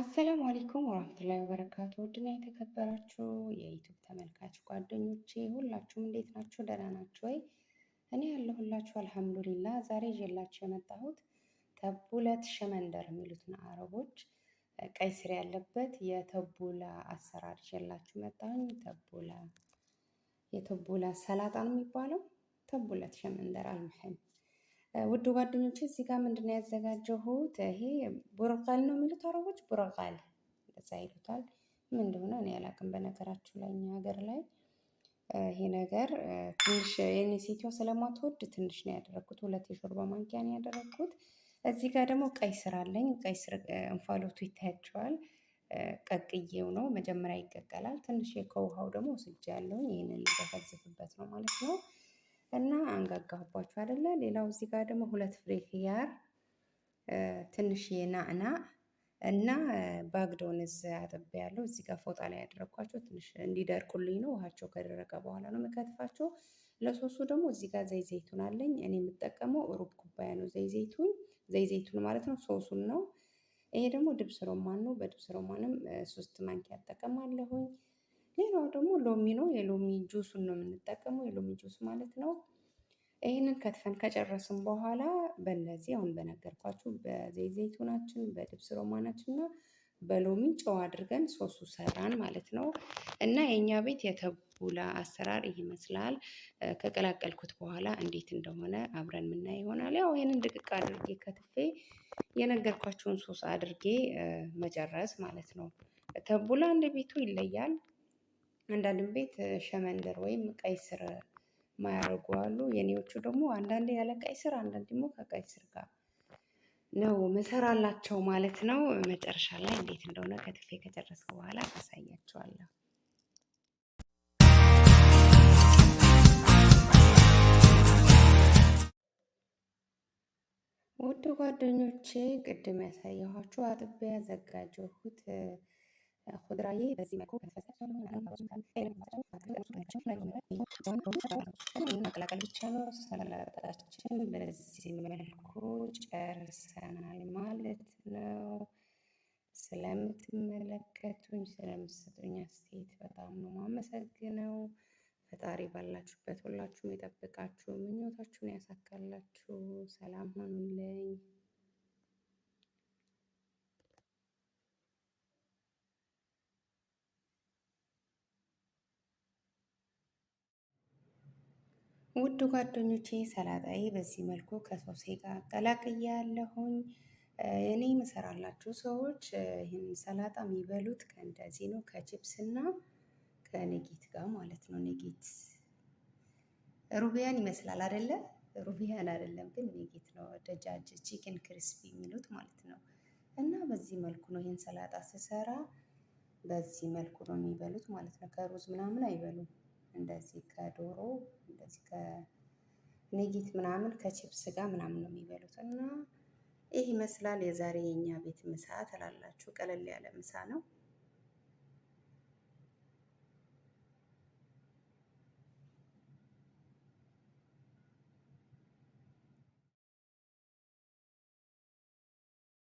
አሰላሙ አለይኩም ወራህመቱላሂ ወበረካቱ። ውድና የተከበራችሁ የዩቱብ ተመልካች ጓደኞቼ ሁላችሁም እንዴት ናችሁ? ደህና ናችሁ ወይ? እኔ ያለሁላችሁ አልሐምዱሊላ። ዛሬ ይዤላችሁ የመጣሁት ተቡለት ሸመንደር የሚሉትን አረቦች ቀይ ስር ያለበት የተቡላ አሰራር ይዤላችሁ መጣሁኝ። ተቡላ የተቡላ ሰላጣ ነው የሚባለው። ተቡለት ሸመንደር አልምሕም ውድ ጓደኞቼ እዚህ ጋር ምንድን ነው ያዘጋጀሁት? ይሄ ቦረቃል ነው የሚሉት አረቦች፣ ቦረቃል እንደዛ ይሉታል። ምን እንደሆነ እኔ አላውቅም። በነገራችሁ ላይ እኛ ሀገር ላይ ይሄ ነገር ትንሽ የኔ ሴትዮ ስለማትወድ ትንሽ ነው ያደረግኩት። ሁለት የሾርባ ማንኪያ ነው ያደረግኩት። እዚህ ጋር ደግሞ ቀይ ስር አለኝ። ቀይ ስር እንፋሎቱ ይታያቸዋል። ቀቅዬው ነው መጀመሪያ ይቀቀላል። ትንሽ ከውሃው ደግሞ ስጃ ወስጃለሁ። ይህንን ልዘፈዝፍበት ነው ማለት ነው። እና አንጋጋሁባችሁ አይደለ? ሌላው እዚህ ጋር ደግሞ ሁለት ፍሬ ኪያር፣ ትንሽ ናዕና እና ባግዶንዝ አጥቤ ያለው እዚህ ጋር ፎጣ ላይ ያደረግኳቸው ትንሽ እንዲደርቁልኝ ነው። ውሃቸው ከደረቀ በኋላ ነው የምከትፋቸው። ለሶሱ ደግሞ እዚህ ጋር ዘይ ዘይቱን አለኝ። እኔ የምጠቀመው ሩብ ኩባያ ነው ዘይ ዘይቱን ዘይ ዘይቱን ማለት ነው። ሶሱን ነው። ይሄ ደግሞ ድብስ ሮማን ነው። በድብስ ሮማንም ሶስት ማንኪያ ያጠቀማለሁኝ። ሌላው ደግሞ ሎሚ ነው። የሎሚ ጁሱን ነው የምንጠቀመው፣ የሎሚ ጁስ ማለት ነው። ይህንን ከትፈን ከጨረስን በኋላ በእነዚህ አሁን በነገርኳችሁ በዘይት ዘይቱናችን በድብስ ሮማናችን እና በሎሚ ጨው አድርገን ሶሱ ሰራን ማለት ነው። እና የእኛ ቤት የተቡላ አሰራር ይመስላል። ከቀላቀልኩት በኋላ እንዴት እንደሆነ አብረን የምናይ ይሆናል። ያው ይህንን ድቅቅ አድርጌ ከትፌ የነገርኳችሁን ሶስ አድርጌ መጨረስ ማለት ነው። ተቡላ እንደ ቤቱ ይለያል። አንዳንድም ቤት ሸመንደር ወይም ቀይ ስር ማያደርጉ አሉ። የኔዎቹ ደግሞ አንዳንድ ያለ ቀይ ስር፣ አንዳንድ ደግሞ ከቀይ ስር ጋር ነው መሰራላቸው ማለት ነው። መጨረሻ ላይ እንዴት እንደሆነ ከትፌ ከጨረስኩ በኋላ አሳያቸዋለሁ። ውድ ጓደኞቼ ቅድም ያሳየኋችሁ አጥቤ ያዘጋጀሁት ሁድራዬ በዚህ መልኩ ከተፈሰሰ መቀላቀል ብቻ ነው። ሰላጣችን በዚህ መልኩ ጨርሰናል ማለት ነው። ስለምትመለከቱኝ ስለምትሰጡኝ አስተያየት በጣም ነው ማመሰግነው። ፈጣሪ ባላችሁበት ሁላችሁም የጠብቃችሁ፣ ምኞታችሁን ያሳካላችሁ። ሰላም ሆኑልኝ። ውድ ጓደኞቼ ሰላጣዬ በዚህ መልኩ ከሶሴ ጋር ቀላቅያለሁኝ። እኔ ምሰራላችሁ ሰዎች ይህን ሰላጣ የሚበሉት ከእንደዚህ ነው፣ ከችፕስ እና ከኔጌት ጋር ማለት ነው። ኔጌት ሩቢያን ይመስላል አደለ? ሩቢያን አይደለም ግን ኔጌት ነው፣ ደጃጅ ቺክን ክሪስፒ የሚሉት ማለት ነው። እና በዚህ መልኩ ነው ይህን ሰላጣ ስሰራ፣ በዚህ መልኩ ነው የሚበሉት ማለት ነው። ከሩዝ ምናምን አይበሉም። እንደዚህ ከዶሮ እንደዚህ ከንጊት ምናምን ከቺፕስ ጋር ምናምን ነው የሚበሉት እና ይህ ይመስላል የዛሬ የእኛ ቤት ምሳ ትላላችሁ። ቀለል ያለ ምሳ ነው።